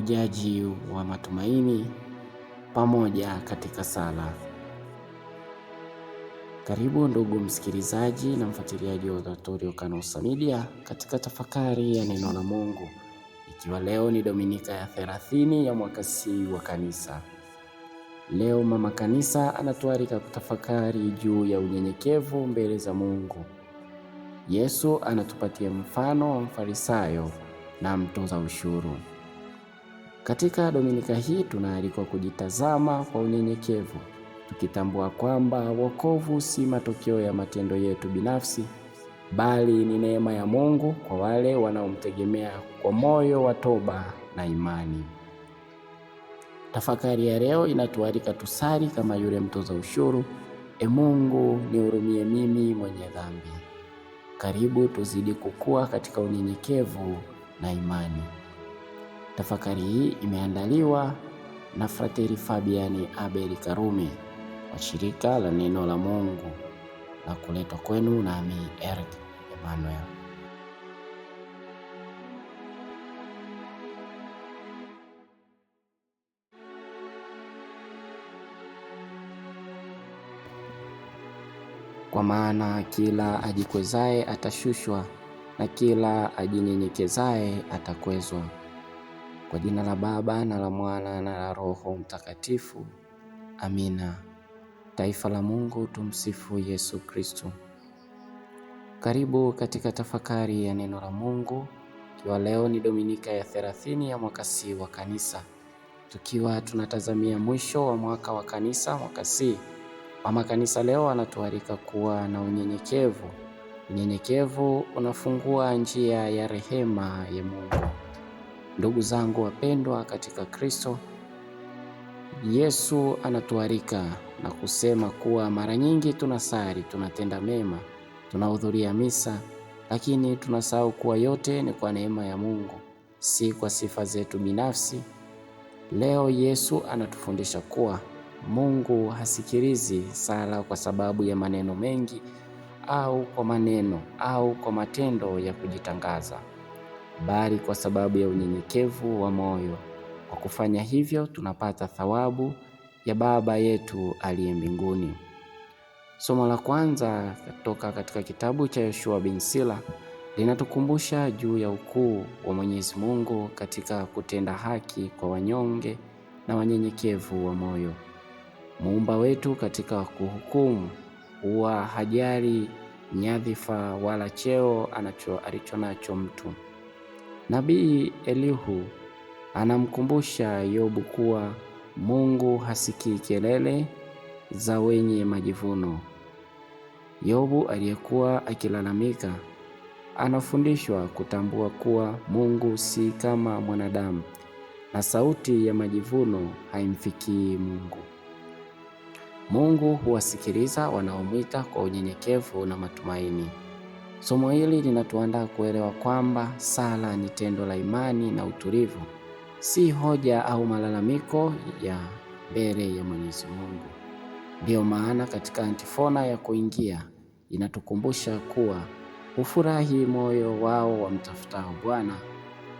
ujaji wa matumaini pamoja katika sala. Karibu ndugu msikilizaji na mfuatiliaji wa Oratorio Kanosa Media katika tafakari ya neno la Mungu, ikiwa leo ni Dominika ya 30 ya mwaka C wa Kanisa. Leo Mama Kanisa anatualika kutafakari juu ya unyenyekevu mbele za Mungu. Yesu anatupatia mfano wa Mfarisayo na mtoza ushuru. Katika dominika hii tunaalikwa kujitazama kwa unyenyekevu, tukitambua kwamba wokovu si matokeo ya matendo yetu binafsi, bali ni neema ya Mungu kwa wale wanaomtegemea kwa moyo wa toba na imani. Tafakari ya leo inatualika tusali kama yule mtoza ushuru, E Mungu nihurumie mimi mwenye dhambi. Karibu tuzidi kukua katika unyenyekevu na imani. Tafakari hii imeandaliwa na Frateri Fabiani Abel Karume wa shirika la neno la Mungu na kuletwa kwenu nami Eric Emmanuel. Kwa maana kila ajikwezae atashushwa na kila ajinyenyekezae atakwezwa. Kwa jina la Baba na la Mwana na la Roho Mtakatifu, amina. Taifa la Mungu, tumsifu Yesu Kristo. Karibu katika tafakari ya neno la Mungu, ikiwa leo ni Dominika ya thelathini ya mwaka C wa Kanisa, tukiwa tunatazamia mwisho wa mwaka wa Kanisa, mwaka C. Mama Kanisa leo anatuarika kuwa na unyenyekevu. Unyenyekevu unafungua njia ya rehema ya Mungu. Ndugu zangu wapendwa katika Kristo, Yesu anatuarika na kusema kuwa mara nyingi tunasali, tunatenda mema, tunahudhuria misa, lakini tunasahau kuwa yote ni kwa neema ya Mungu, si kwa sifa zetu binafsi. Leo Yesu anatufundisha kuwa Mungu hasikilizi sala kwa sababu ya maneno mengi au kwa maneno au kwa matendo ya kujitangaza bali kwa sababu ya unyenyekevu wa moyo. Kwa kufanya hivyo, tunapata thawabu ya Baba yetu aliye mbinguni. Somo la kwanza kutoka katika kitabu cha Yoshua bin Sila linatukumbusha juu ya ukuu wa Mwenyezi Mungu katika kutenda haki kwa wanyonge na wanyenyekevu wa moyo. Muumba wetu katika kuhukumu huwa hajali nyadhifa wala cheo anacho alichonacho mtu. Nabii Elihu anamkumbusha Yobu kuwa Mungu hasikii kelele za wenye majivuno. Yobu aliyekuwa akilalamika anafundishwa kutambua kuwa Mungu si kama mwanadamu na sauti ya majivuno haimfikii Mungu. Mungu huwasikiliza wanaomwita kwa unyenyekevu na matumaini. Somo hili linatuandaa kuelewa kwamba sala ni tendo la imani na utulivu, si hoja au malalamiko ya mbele ya Mwenyezi Mungu. Ndiyo maana katika antifona ya kuingia inatukumbusha kuwa hufurahi moyo wao wamtafutao Bwana,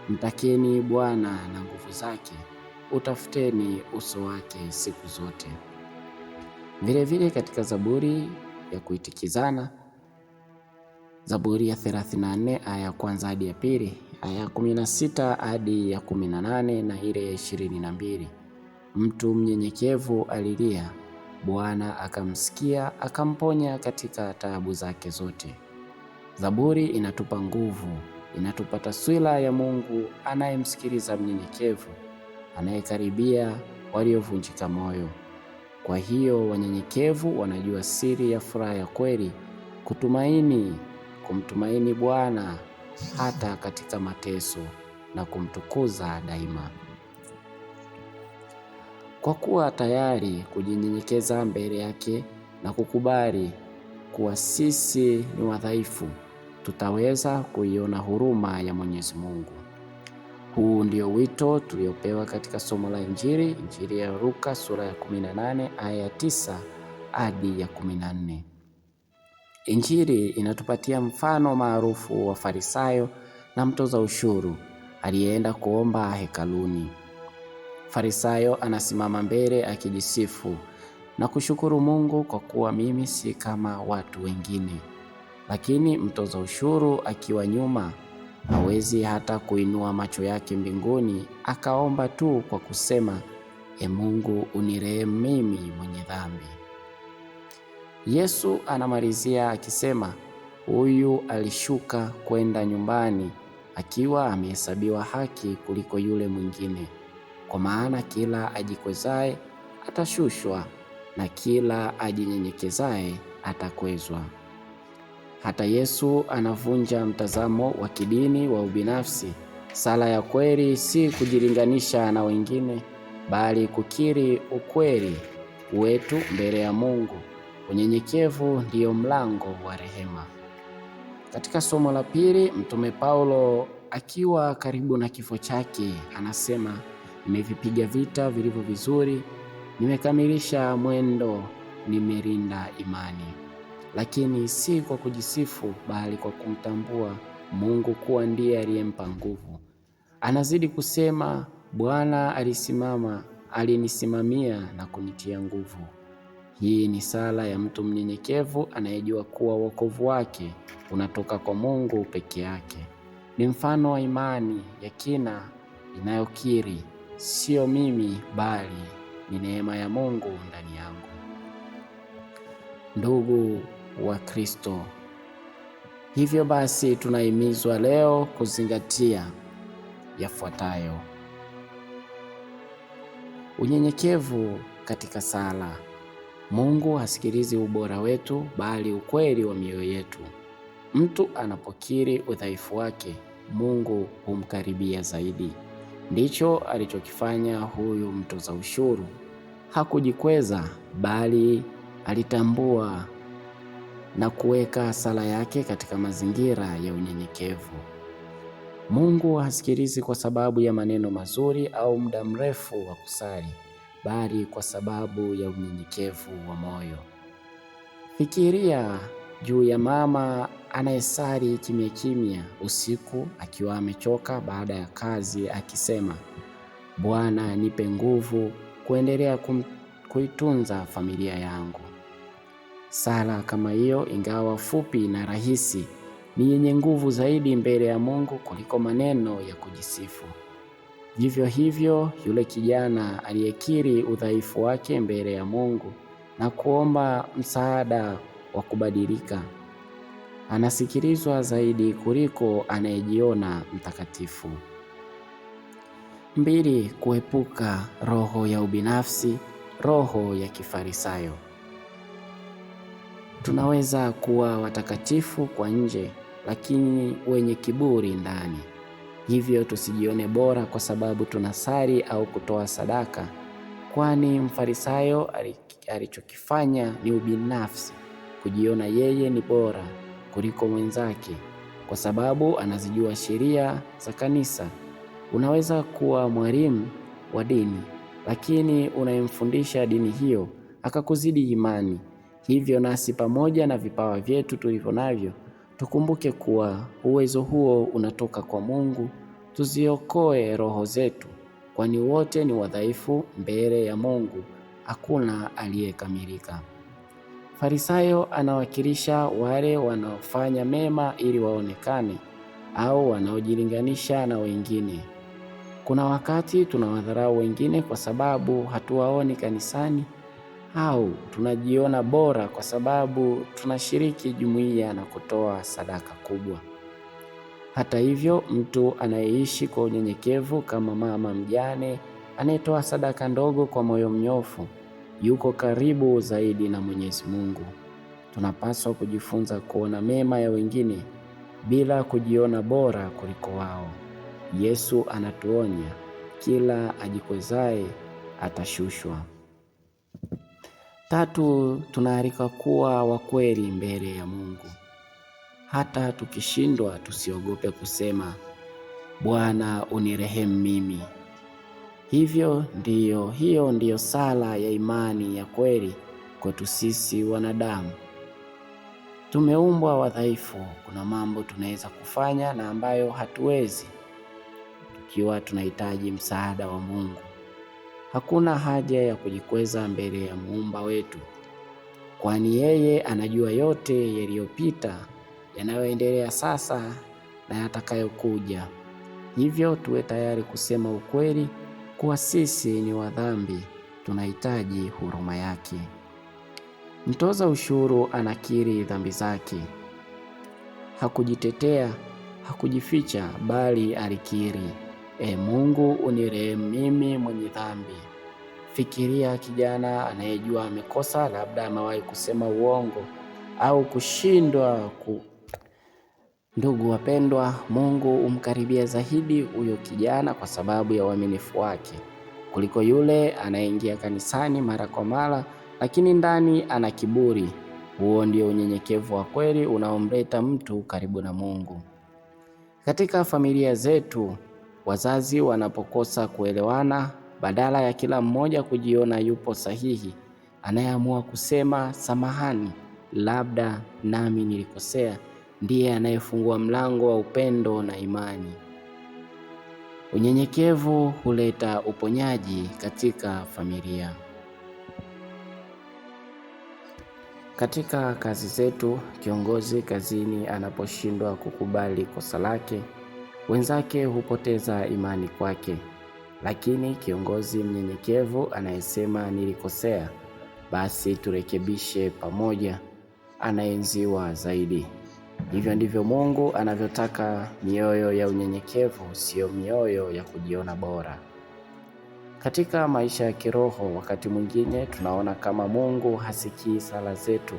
mtakeni Bwana na nguvu zake, utafuteni uso wake siku zote. Vilevile katika Zaburi ya kuitikizana Zaburi ya 34 aya ya kwanza hadi ya pili, aya ya 16 hadi ya 18 na ile ya 22. Mtu mnyenyekevu alilia, Bwana akamsikia akamponya katika taabu zake zote. Zaburi inatupa nguvu, inatupa taswira ya Mungu anayemsikiliza mnyenyekevu, anayekaribia waliovunjika moyo. Kwa hiyo wanyenyekevu wanajua siri ya furaha ya kweli, kutumaini kumtumaini Bwana hata katika mateso na kumtukuza daima. Kwa kuwa tayari kujinyenyekeza mbele yake na kukubali kuwa sisi ni wadhaifu, tutaweza kuiona huruma ya Mwenyezi Mungu. Huu ndio wito tuliopewa katika somo la Injili, Injili ya Luka sura ya 18 aya ya 9 hadi ya 14. Injili inatupatia mfano maarufu wa Farisayo na mtoza ushuru aliyeenda kuomba hekaluni. Farisayo anasimama mbele akijisifu na kushukuru Mungu kwa kuwa mimi si kama watu wengine, lakini mtoza ushuru akiwa nyuma hawezi hata kuinua macho yake mbinguni, akaomba tu kwa kusema, E Mungu unirehemu mimi mwenye dhambi. Yesu anamalizia akisema, huyu alishuka kwenda nyumbani akiwa amehesabiwa haki kuliko yule mwingine, kwa maana kila ajikwezaye atashushwa na kila ajinyenyekezaye atakwezwa. Hata Yesu anavunja mtazamo wa kidini wa ubinafsi. Sala ya kweli si kujilinganisha na wengine, bali kukiri ukweli wetu mbele ya Mungu Unyenyekevu ndiyo mlango wa rehema. Katika somo la pili, Mtume Paulo akiwa karibu na kifo chake anasema, nimevipiga vita vilivyo vizuri, nimekamilisha mwendo, nimerinda imani. Lakini si kwa kujisifu, bali kwa kumtambua Mungu kuwa ndiye aliyempa nguvu. Anazidi kusema, Bwana alisimama, alinisimamia na kunitia nguvu. Hii ni sala ya mtu mnyenyekevu anayejua kuwa wokovu wake unatoka kwa Mungu peke yake. Ni mfano wa imani ya kina inayokiri, sio mimi bali ni neema ya Mungu ndani yangu. Ndugu wa Kristo, hivyo basi tunahimizwa leo kuzingatia yafuatayo: unyenyekevu katika sala. Mungu hasikilizi ubora wetu bali ukweli wa mioyo yetu. Mtu anapokiri udhaifu wake, Mungu humkaribia zaidi. Ndicho alichokifanya huyu mtoza ushuru. Hakujikweza bali alitambua na kuweka sala yake katika mazingira ya unyenyekevu. Mungu hasikilizi kwa sababu ya maneno mazuri au muda mrefu wa kusali bali kwa sababu ya unyenyekevu wa moyo. Fikiria juu ya mama anayesali kimya kimya usiku akiwa amechoka baada ya kazi, akisema Bwana, nipe nguvu kuendelea kum, kuitunza familia yangu. Sala kama hiyo, ingawa fupi na rahisi, ni yenye nguvu zaidi mbele ya Mungu kuliko maneno ya kujisifu. Vivyo hivyo yule kijana aliyekiri udhaifu wake mbele ya Mungu na kuomba msaada wa kubadilika anasikilizwa zaidi kuliko anayejiona mtakatifu. Mbili, kuepuka roho ya ubinafsi, roho ya kifarisayo. Tunaweza kuwa watakatifu kwa nje, lakini wenye kiburi ndani. Hivyo tusijione bora kwa sababu tunasali au kutoa sadaka, kwani Mfarisayo alichokifanya ni ubinafsi, kujiona yeye ni bora kuliko mwenzake kwa sababu anazijua sheria za kanisa. Unaweza kuwa mwalimu wa dini, lakini unayemfundisha dini hiyo akakuzidi imani. Hivyo nasi pamoja na vipawa vyetu tulivyo navyo Tukumbuke kuwa uwezo huo unatoka kwa Mungu, tuziokoe roho zetu, kwani wote ni wadhaifu mbele ya Mungu, hakuna aliyekamilika. Farisayo anawakilisha wale wanaofanya mema ili waonekane au wanaojilinganisha na wengine. Kuna wakati tunawadharau wengine kwa sababu hatuwaoni kanisani au tunajiona bora kwa sababu tunashiriki jumuiya na kutoa sadaka kubwa. Hata hivyo, mtu anayeishi kwa unyenyekevu kama mama mjane anayetoa sadaka ndogo kwa moyo mnyofu yuko karibu zaidi na Mwenyezi Mungu. Tunapaswa kujifunza kuona mema ya wengine bila kujiona bora kuliko wao. Yesu anatuonya, kila ajikwezae atashushwa. Tatu, tunaarika kuwa wa kweli mbele ya Mungu. Hata tukishindwa, tusiogope kusema Bwana, unirehemu mimi. Hivyo ndiyo, hiyo ndiyo sala ya imani ya kweli kwetu sisi wanadamu. Tumeumbwa wadhaifu, kuna mambo tunaweza kufanya na ambayo hatuwezi, tukiwa tunahitaji msaada wa Mungu. Hakuna haja ya kujikweza mbele ya muumba wetu, kwani yeye anajua yote yaliyopita, yanayoendelea sasa na yatakayokuja. Hivyo tuwe tayari kusema ukweli kuwa sisi ni wadhambi, tunahitaji huruma yake. Mtoza ushuru anakiri dhambi zake. Hakujitetea, hakujificha, bali alikiri. E Mungu unirehemu mimi mwenye dhambi. Fikiria kijana anayejua amekosa, labda amewahi kusema uongo au kushindwa ku... Ndugu wapendwa, Mungu umkaribia zaidi huyo kijana kwa sababu ya uaminifu wake kuliko yule anayeingia kanisani mara kwa mara, lakini ndani ana kiburi. Huo ndio unyenyekevu wa kweli unaomleta mtu karibu na Mungu. Katika familia zetu Wazazi wanapokosa kuelewana, badala ya kila mmoja kujiona yupo sahihi, anayeamua kusema samahani, labda nami nilikosea, ndiye anayefungua mlango wa upendo na imani. Unyenyekevu huleta uponyaji katika familia. Katika kazi zetu, kiongozi kazini anaposhindwa kukubali kosa lake wenzake hupoteza imani kwake. Lakini kiongozi mnyenyekevu anayesema nilikosea, basi turekebishe pamoja, anaenziwa zaidi. Hivyo ndivyo Mungu anavyotaka mioyo ya unyenyekevu, siyo mioyo ya kujiona bora. Katika maisha ya kiroho, wakati mwingine tunaona kama Mungu hasikii sala zetu,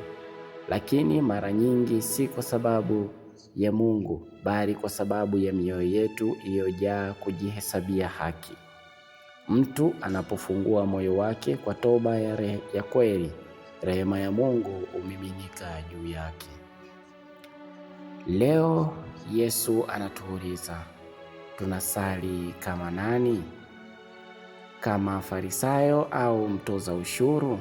lakini mara nyingi si kwa sababu ya Mungu, bali kwa sababu ya mioyo yetu iliyojaa kujihesabia haki. Mtu anapofungua moyo wake kwa toba ya, re, ya kweli, rehema ya Mungu umiminika juu yake. Leo Yesu anatuuliza, tunasali kama nani? Kama Farisayo au mtoza ushuru?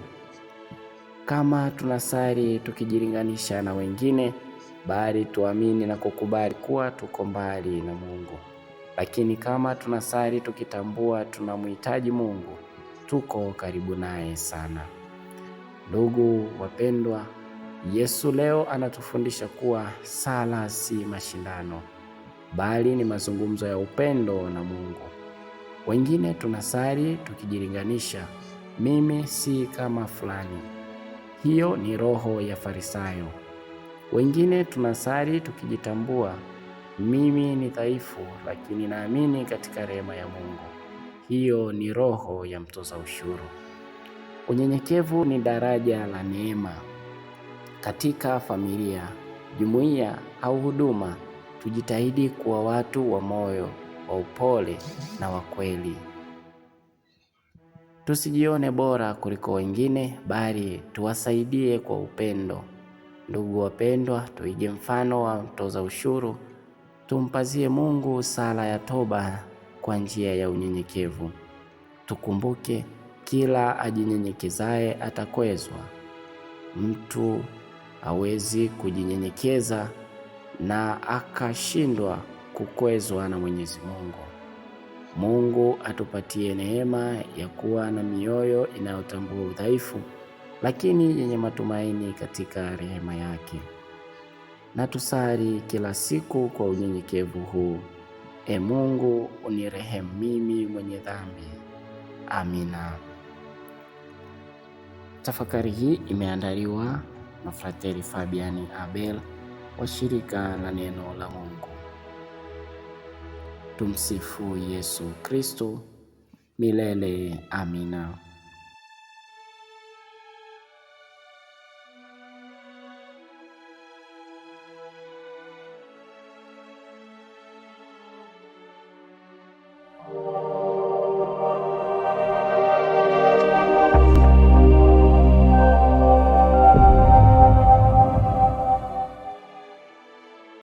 Kama tunasali tukijilinganisha na wengine bali tuamini na kukubali kuwa tuko mbali na Mungu. Lakini kama tunasali tukitambua tunamhitaji Mungu, tuko karibu naye sana. Ndugu wapendwa, Yesu leo anatufundisha kuwa sala si mashindano, bali ni mazungumzo ya upendo na Mungu. Wengine tunasali tukijilinganisha, mimi si kama fulani. Hiyo ni roho ya Farisayo. Wengine tunasali tukijitambua, mimi ni dhaifu, lakini naamini katika rehema ya Mungu. Hiyo ni roho ya mtoza ushuru. Unyenyekevu ni daraja la neema. Katika familia, jumuiya au huduma, tujitahidi kuwa watu wa moyo wa upole na wa kweli. Tusijione bora kuliko wengine, bali tuwasaidie kwa upendo. Ndugu wapendwa, tuige mfano wa mtoza ushuru, tumpazie Mungu sala ya toba kwa njia ya unyenyekevu. Tukumbuke kila ajinyenyekezaye atakwezwa. Mtu hawezi kujinyenyekeza na akashindwa kukwezwa na Mwenyezi Mungu. Mungu atupatie neema ya kuwa na mioyo inayotambua udhaifu lakini yenye matumaini katika rehema yake. Na tusali kila siku kwa unyenyekevu huu: E Mungu, unirehemu mimi mwenye dhambi. Amina. Tafakari hii imeandaliwa na Frateri Fabiani Abel wa shirika la neno la Mungu. Tumsifu Yesu Kristo milele. Amina.